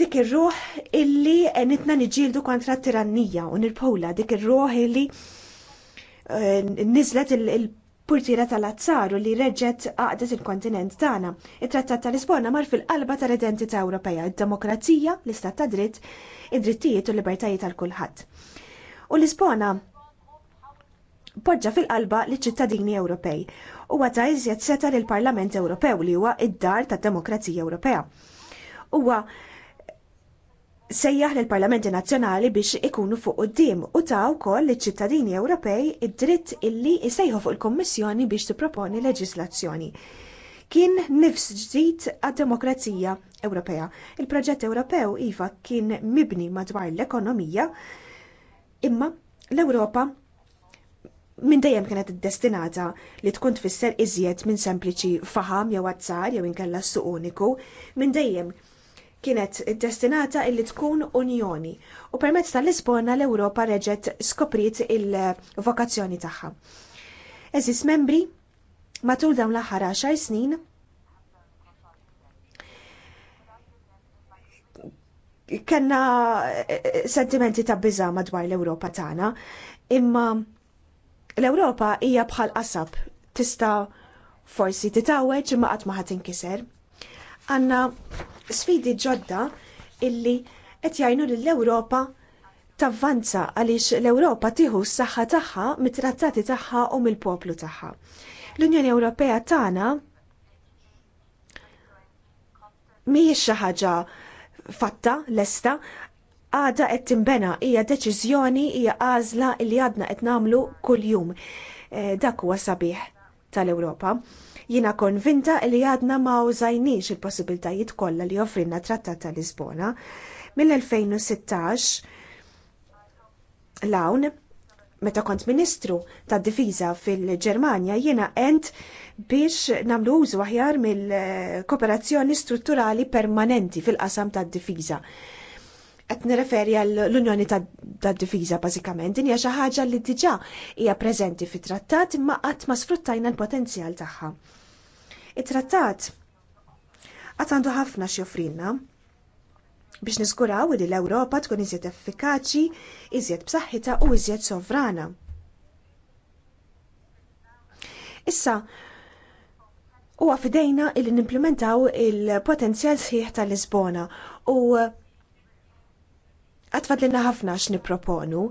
Dik ir-ruħ illi eh, nitna niġġieldu kontra t-tirannija u nirpowla, dik ir-ruħ illi eh, nizlet il-purtira tal-azzaru li reġet għadet il-kontinent tagħna. It-Trattat tal-Lisbona mar fil-qalba tal-identità Ewropea, id-demokrazija, l-istat ta' dritt, id-drittijiet u l-libertajiet tal-kulħadd. U l Lisbona poġġa fil-qalba liċ ċittadini Ewropej u għata iżjed seta lill parlament Ewropew li huwa id-dar tad-Demokrazija Ewropea. Huwa sejjaħ lill parlamenti Nazzjonali biex ikunu fuq quddiem u ta' wkoll liċ-ċittadini Ewropej id-dritt illi jsejħu fuq il-Kummissjoni biex tipproponi leġislazzjoni. Kien nifs ġdid għad-demokrazija Ewropea. Il-proġett Ewropew iva kien mibni madwar l-ekonomija, imma l-Ewropa minn dejjem kienet iddestinata li tkun tfisser iżjed minn sempliċi faham jew azzar jew inkella suq uniku, minn dejjem kienet iddestinata illi tkun unjoni u permezz tal-Lisbona l-Ewropa reġgħet skopriet il-vokazzjoni tagħha. Eżis membri, matul dawn l-aħħar 10 snin, kanna eh, eh, sentimenti ta' biza madwar l-Ewropa tagħna, imma L-Ewropa hija bħal qasab tista' forsi titgħawweġ imma qatt ma ħadd inkiser. Għandna sfidi ġodda illi qed jgħinu lill-Ewropa tavvanza għaliex l-Ewropa tieħu s-saħħa tagħha mit-trattati tagħha u mill-poplu tagħha. L-Unjoni Ewropea tagħna mhijiex xi ħaġa fatta lesta għada qed timbena hija deċiżjoni hija għażla li għadna qed nagħmlu kuljum. E, dak huwa sabiħ tal-Ewropa. Jina konvinta li għadna ma użajniex il-possibiltajiet kollha li joffrinna trattat ta' Lisbona. Mill-2016 lawn meta kont ministru tad difiża fil-Ġermanja jiena ent biex nagħmlu użu aħjar mill-kooperazzjoni strutturali permanenti fil-qasam tad difiża qed nirreferi għall-Unjoni tad-Difiża bażikament din hija xi ħaġa li diġà hija preżenti fit-trattat imma qatt ma sfruttajna l-potenzjal tagħha. It-trattat qatt għandu ħafna xi biex niżguraw li l-Ewropa tkun iżjed effikaċi, iżjed b'saħħitha u iżjed sovrana. Issa, huwa fidejna li nimplementaw il-potenzjal sħiħ tal-Lisbona u għatfadlinna ħafna x'nipproponu.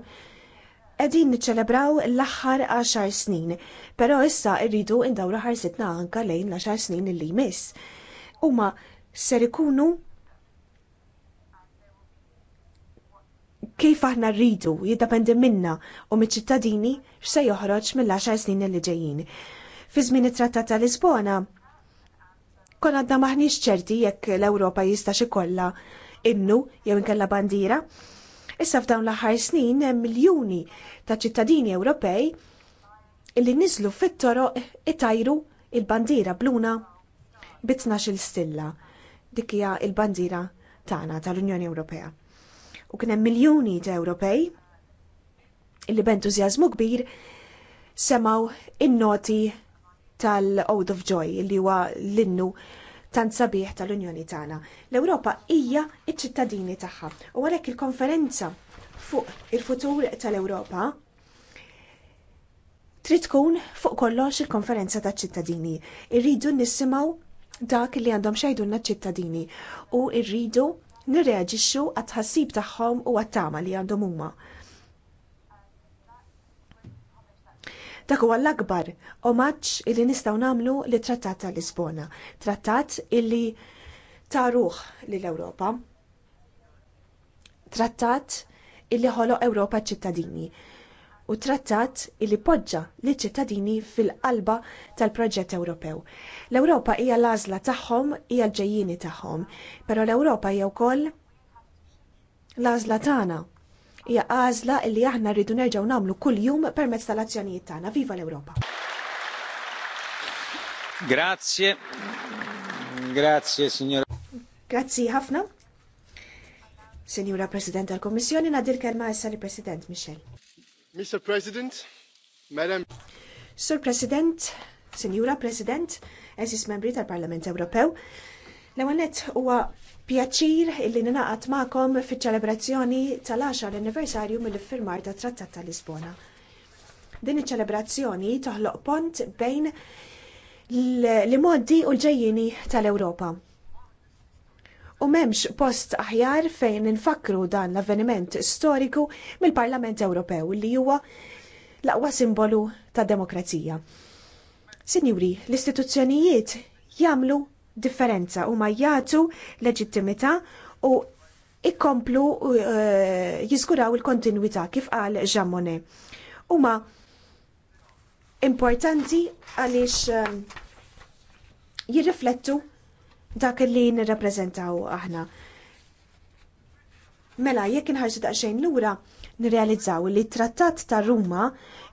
Qegħdin niċċelebraw l-aħħar 10 snin, però issa rridu indawru ħarsitna anka lejn l-10 snin li jmiss. Huma ser ikunu kif aħna rridu jiddependi minna u miċ-ċittadini x'se joħroġ mill-10 snin li ġejjin. Fi żmien it-Trattat ta' Lisbona, kon għadna maħniex ċerti jekk l-Ewropa jista' xi kollha innu jew inkella bandiera. Issa f'dawn l-aħħar snin hemm miljuni ta' ċittadini Ewropej li niżlu fit-toroq itajru il-bandiera bluna bi il stilla. Dik hija l-bandiera tagħna tal-Unjoni Ewropea. U kien hemm miljuni ta' Ewropej li b'entużjażmu kbir semaw in-noti tal-Ode of Joy, li huwa l-innu tant sabiħ tal-Unjoni tagħna. L-Ewropa hija ċ ċittadini tagħha u għalhekk il-konferenza fuq il-futur tal-Ewropa trid tkun fuq kollox il-konferenza taċ-ċittadini. Irridu nisimgħu dak li għandhom xejdulna ċ-ċittadini u rridu nirreaġixxu għat-tħassib tagħhom u għat-tama li għandhom huma. Dak huwa l-akbar omaġġ li nistgħu nagħmlu li trattat ta' Lisbona, trattat illi taruh lil Ewropa. Trattat illi ħoloq Ewropa ċittadini u trattat illi poġġa li ċittadini fil-qalba tal-proġett Ewropew. L-Ewropa hija l-għażla tagħhom hija l-ġejjini tagħhom, però l-Ewropa hija wkoll l-għażla tagħna hija għażla li aħna rridu nerġgħu nagħmlu kuljum permezz tal-azzjonijiet tagħna. Viva l-Ewropa! Grazie. Grazie, signora. Grazzi ħafna. Signora President tal-Kommissjoni, nadir kelma issa li President Michel. Mr. President, Madam. Sur President, Signora President, eżis membri tal-Parlament Ewropew, L-għanet huwa pjaċir illi ninaqat ma'kom fiċ-ċelebrazzjoni tal-10 anniversarju mill-iffirmar ta' Trattat ta' Lisbona. Din iċ-ċelebrazzjoni toħloq pont bejn l-modi u l-ġejjini tal-Ewropa. U memx post aħjar fejn infakru dan l-avveniment storiku mill-Parlament Ewropew li huwa l-aqwa simbolu ta' demokrazija. Sinjuri, l-istituzzjonijiet jagħmlu differenza huma jagħtu leġittimità u ikomplu eh, jiskuraw il-kontinwità kif qal Ġammone. Huma importanti għaliex eh, jirriflettu dak li nirrappreżentaw aħna. Mela, jekk inħarġu daqsxejn lura, nirrealizzaw li t trattat ta' Ruma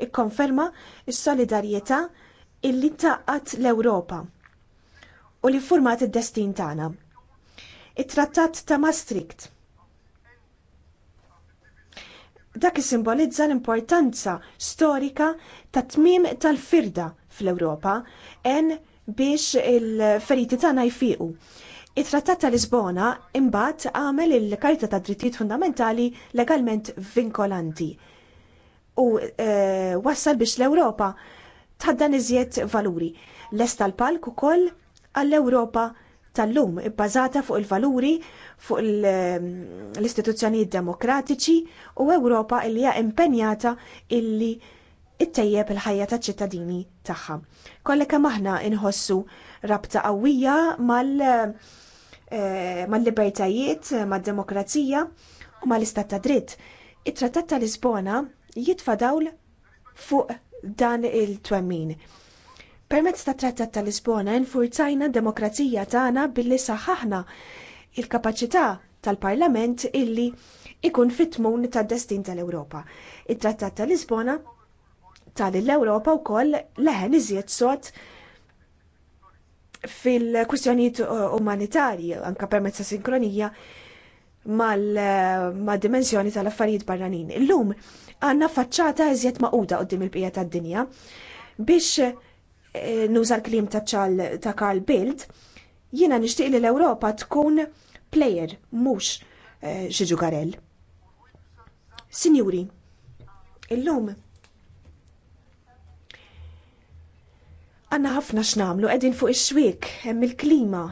ikkonferma s-solidarjetà il-li taqqat l-Ewropa u li format id-destin tagħna. It-Trattat ta' Maastricht dak isimbolizza l-importanza storika ta' tmiem tal-firda fl-Ewropa en biex il-feriti tagħna jfiqu. It-Trattat ta' Lisbona imbagħad għamel il-Karta ta' Drittijiet Fundamentali legalment vinkolanti u e, wassal biex l-Ewropa tħaddan iżjed valuri. Lest tal-palk ukoll għall-Ewropa tal-lum ibbażata fuq il-valuri, fuq ehm, l-istituzzjonijiet demokratiċi u Ewropa li hija impenjata illi ittejjeb il-ħajja taċ-ċittadini tagħha. Kollha kemm aħna inħossu rabta qawwija eh, mal-libertajiet, mad-demokrazija u mal-istat ta' dritt. It-Trattat ta' Lisbona jitfa' dawl fuq dan il-twemmin. Permezz ta' Trattat ta' Lisbona d demokrazija tagħna billi saħħaħna il-kapaċità tal-Parlament illi ikun fit-tmun tad-destin tal-Ewropa. It-Trattat ta' Lisbona tal l-Ewropa wkoll leħen iżjed sod fil-kwistjonijiet umanitarji anke permezz ta' sinkronija mal-dimensjoni tal-affarijiet barranin. Illum għandna faċċata iżjed maquda qudiem il-bqija tad-dinja biex Eh, nuża l-klim ta' ċal ta' Karl Bild, jiena nixtieq li l-Ewropa tkun player mhux eh, xi ġugarell. Signuri illum għanna ħafna x'namlu qegħdin fuq ix xwieq hemm il-klima,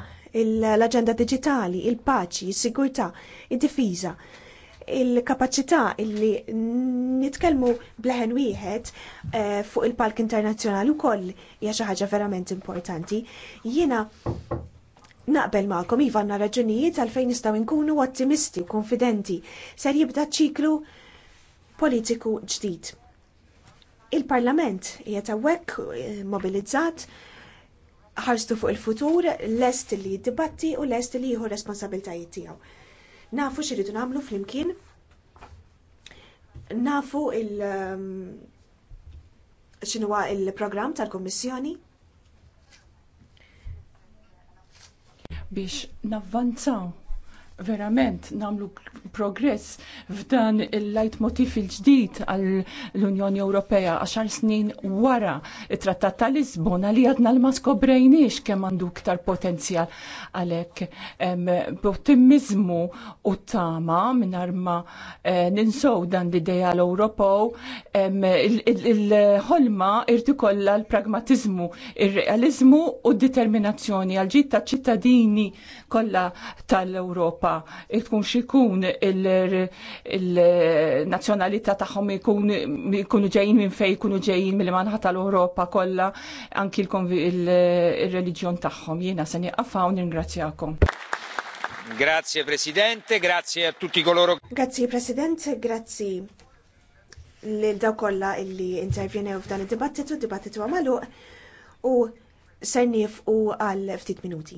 l-aġenda digitali, il-paċi, is-sigurtà, id-difiża. Il il-kapacità illi nitkellmu bleħen wieħed eh, fuq il-palk internazzjonali wkoll hija xi ħaġa verament importanti. Jiena naqbel magħkom iva għandna raġunijiet għalfejn nistgħu nkunu ottimisti u konfidenti ser jibda ċiklu politiku ġdid. Il-Parlament hija hawnhekk eh, mobilizzat ħarstu fuq il-futur, lest li jiddibatti u lest li jieħu responsabiltajiet tiegħu nafu xirridu nagħmlu flimkien, nafu il- um, xinuwa il-programm tal-Kommissjoni. Biex navvanzaw verament namlu progress f'dan il-lajt motif il-ġdid għall-Unjoni Ewropea għaxar snin wara it-trattat ta' Lisbona li għadna l-masko brejniex kemm għandu ktar potenzjal għalek b'ottimizmu u tama minnar ma eh, ninsow dan l-ideja l-Ewropew il-ħolma irtikolla l-pragmatizmu, il-realizmu u d-determinazzjoni għal-ġid ta' ċittadini kollha tal-Ewropa ewropa tkun xikun il-nazzjonalità tagħhom ikunu ġejjin minn fejn ikunu ġejjin mill-manħa tal-Ewropa kollha anki il-reliġjon tagħhom. Jiena se nieqaf hawn ningrazzjakom. Grazie Presidente, grazie a tutti coloro. Grazie Presidente, grazie lil daw kollha illi intervjenew f'dan id-dibattitu, dibattitu għamalu u sejnif u għal ftit minuti.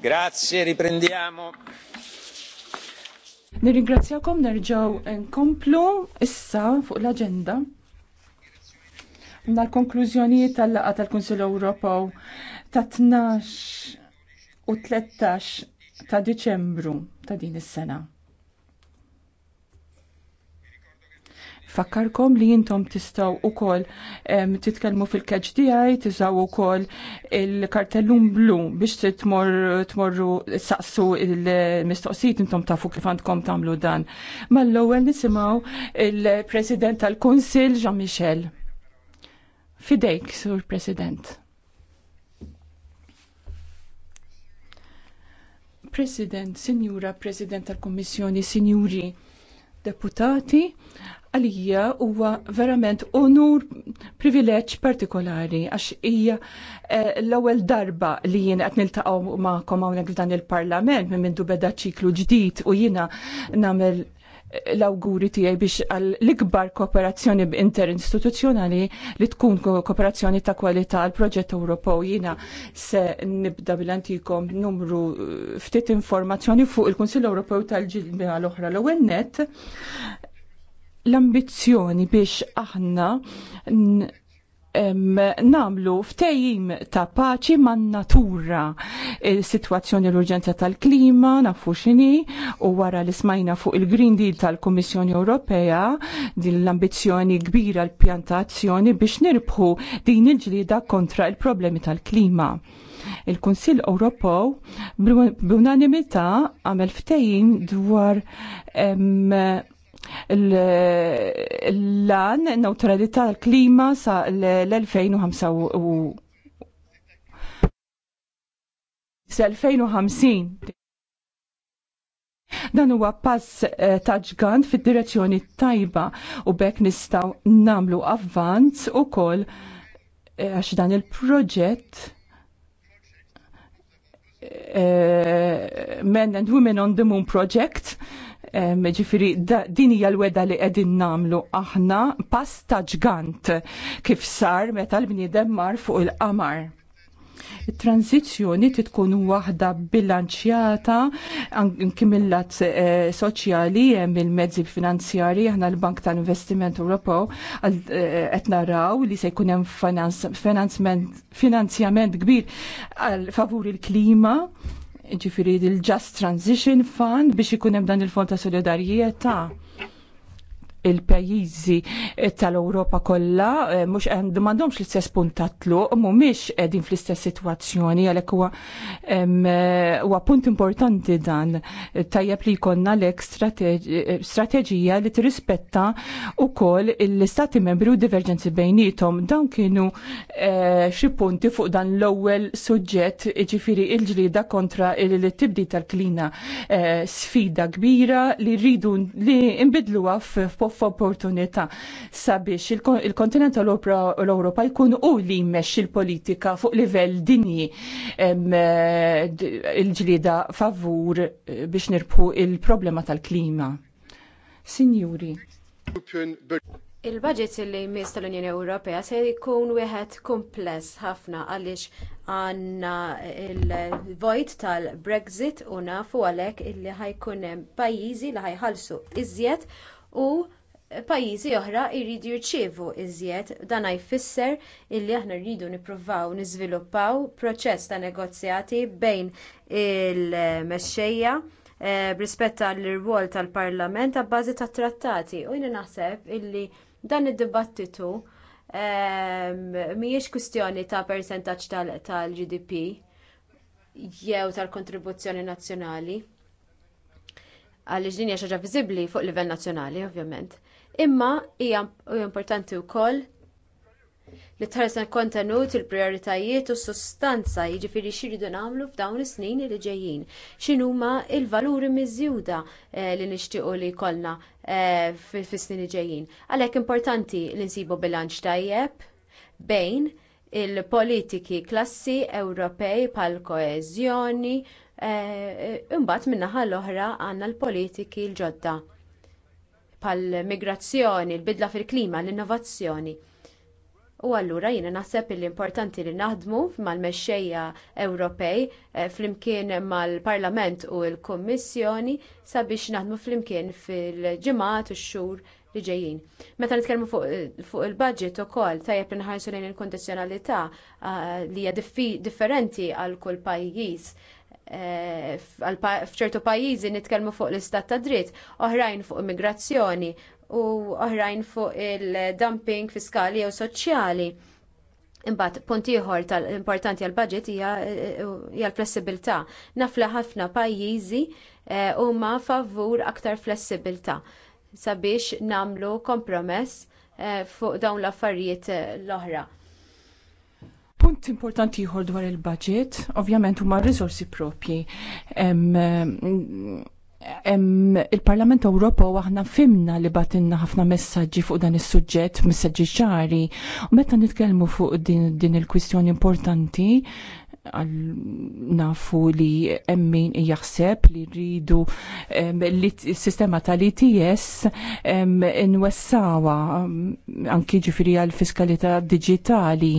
Grazie, riprendiamo. Nirringrazzjakom nerġaw nkomplu issa fuq l-agenda. Na konklużjonijiet tal-laqa tal-Kunsill Ewropew ta' 12 u 13 ta' Diċembru ta' din is-sena. Fakkarkom li jintom tistaw u kol titkelmu fil-keġ tijaj, tizaw u kol il-kartellum blu biex tmorru saqsu il mistoqsit intom tafu kif għandkom tamlu dan. Mal-lowel nisimaw il-President tal-Kunsil Jean-Michel. Fidejk, Sur President. President, Sinjura President tal-Kommissjoni, Sinjuri Deputati, għalija huwa verament onur privileġġ partikolari għax hija eh, l-ewwel darba li jien qed niltaqgħu magħkom hawnhekk f'dan il-Parlament minn mindu beda ċiklu ġdid u jiena nagħmel eh, l-awguri tiegħi biex l-ikbar kooperazzjoni interinstituzzjonali li tkun kooperazzjoni ta' kwalità għal proġett Ewropew jiena se nibda bilantikom numru eh, ftit informazzjoni fuq il-Kunsill Ewropew tal ġilmi l-oħra l-ewwel net l-ambizjoni biex aħna namlu ftejim ta' paċi man natura il-situazzjoni l-urġenza tal-klima nafu xini u wara li smajna fuq il-Green Deal tal komissjoni Ewropea din l-ambizjoni kbira l-pjantazzjoni biex nirbħu din il-ġlida kontra il-problemi tal-klima il-Kunsill Ewropew b'unanimità għamel ftehim dwar l-lan neutralità tal-klima sa l u sa 2050 Dan huwa pass eh, ta' ġgant fid-direzzjoni tajba u bekk nistgħu namlu avvanz ukoll eh, għax dan il-proġett eh, Men and Women on the Moon Project ġifiri din hija l-weda li qegħdin namlu aħna pass ta' ġgant kif sar meta l-bniedem mar fuq il-qamar il-transizjoni tkun waħda bilanċjata anki lat eh, soċjali hemm il-mezzi finanzjari aħna l-Bank tal-Investiment Ewropew eh, qed naraw li se jkun hemm finanzjament kbir għal favur il-klima ġifiri il-Just Transition Fund biex ikun hemm dan il-fond ta' solidarjetà il-pajjiżi tal-Ewropa kollha eh, mhux m'għandhomx l-istess punt ta' tluq, mhumiex qegħdin fl-istess sitwazzjoni għalhekk huwa huwa punt importanti dan tajjeb li jkollna lek strateġija li tirrispetta wkoll l-istati membri u diverġenzi bejnietom dawn kienu eh, xi punti fuq dan l-ewwel suġġett ġifiri il-ġlida kontra il-tibdi tal-klina eh, sfida kbira li rridu li nbidluha f'post f'opportunità sabiex il-kontinent l-Ewropa jkun u li jmexxi il-politika fuq livell dinji eh, il-ġlieda favur eh, biex nirbħu il-problema tal-klima. Signori. Il-budget li jmiss tal-Unjoni Ewropea se jkun wieħed kumpless ħafna għaliex għandna il-vojt tal-Brexit u nafu għalhekk illi ħajkun hemm pajjiżi li ħajħalsu iżjed u pajjiżi oħra jridu jirċievu iżjed dan jfisser illi aħna rridu nippruvaw niżviluppaw proċess ta' negozjati bejn il-mexxejja b'rispett eh, għall-irwol tal-Parlament abbażi tat-trattati u jiena naħseb illi dan id-dibattitu eh, mhijiex kwistjoni ta' persentaġġ tal-GDP jew tal-kontribuzzjoni nazzjonali għaliex din hija xi ħaġa viżibbli fuq livell nazzjonali ovvjament imma hija importanti wkoll li tħarsan kontenut il-prioritajiet u s-sustanza jiġifieri xiridu nagħmlu f'dawn is-snin li ġejjin. X'inhuma l-valuri miżjuda eh, li nixtiequ li jkollna eh, fis-snin li ġejjin. Għalhekk importanti li nsibu bilanċ tajjeb bejn il-politiki klassi Ewropej bħall koeżjoni eh, imbagħad min-naħa l-oħra għandna l-politiki l-ġodda pal migrazzjoni il-bidla fil-klima, l-innovazzjoni. U allura jiena naħseb l importanti li naħdmu mal-mexxejja Ewropej eh, flimkien mal-Parlament u l-Kummissjoni sabiex naħdmu flimkien fil-ġimgħat u x-xhur li ġejjin. Meta nitkellmu fuq eh, il-budget ukoll tajjeb li nħarsu lejn il-kondizzjonalità eh, li hija differenti għal kull pajjiż Eh, f'ċertu pajjiżi nitkellmu fuq l-istat ta' dritt, oħrajn fuq immigrazzjoni u oħrajn fuq il-dumping fiskali jew soċjali. Imbagħad punt ieħor tal-importanti għall budget eh, hija l-flessibilità. Nafla ħafna pajjiżi eh, huma favur aktar flessibilità sabiex nagħmlu kompromess fuq dawn l-affarijiet l-oħra. Punt importanti jħor dwar il-budget, ovvjament huma risorsi propji. Il-Parlament u aħna fimna li batinna ħafna messaġġi fuq dan is-suġġett, messaġġi ċari. U meta nitkellmu fuq din, din il-kwistjoni importanti, nafu li emmin jaħseb li rridu li s-sistema tal-ITS nwessawa anki ġifiri għal-fiskalità digitali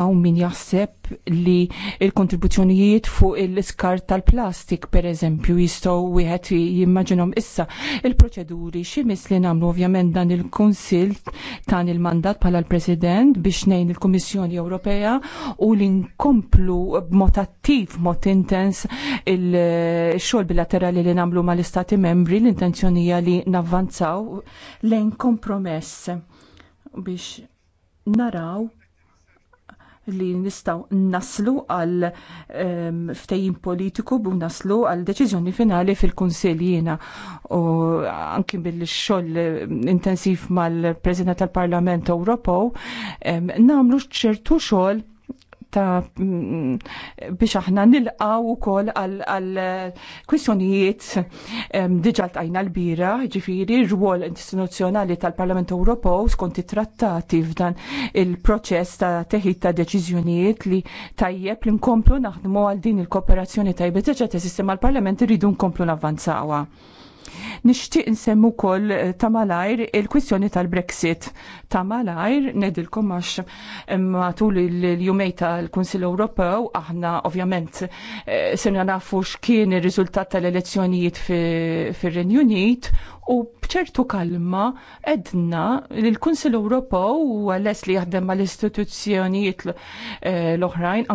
għaw min jaħseb li il-kontribuzzjonijiet fuq il-iskar tal-plastik, per eżempju, jistow wieħed jimmaġinom issa il-proċeduri ximis li namlu ovvjament dan il-Konsil tan il-mandat pala l-President biex nejn il-Komissjoni Ewropea u li nkomplu b'mod attiv, mod intens il-xol bilaterali li namlu mal-Istati membri l-intenzjonija li navvanzaw lejn kompromess biex naraw li nistaw naslu għal ftejjin politiku bu naslu għal deċiżjoni finali fil jiena. u anki billi xogħol intensiv mal-President tal-Parlament Ewropew namlu ċertu xogħol ta' mm, biex aħna nilqaw ukoll għal kwistjonijiet diġà għajna l-bira, ġifiri, r-rwol istituzzjonali tal-Parlament Ewropew skont trattati f'dan il-proċess ta' teħid ta' deċiżjonijiet li tajjeb li nkomplu naħdmu għal din il-kooperazzjoni tajbet ta' sistema l-Parlament rridu nkomplu navvanzawa. Nixtieq nsemmu wkoll eh, ta' malajr il-kwistjoni tal-Brexit. Ta' malajr nedilkom għax eh, matul il-jumej tal-Kunsill Ewropew aħna ovvjament eh, semna nafu x'kien ir-riżultat tal-elezzjonijiet fir-Renju Unit u bċertu kalma edna li l-Kunsill Ewropew u għalles li jaħdem mal-istituzzjonijiet l-oħrajn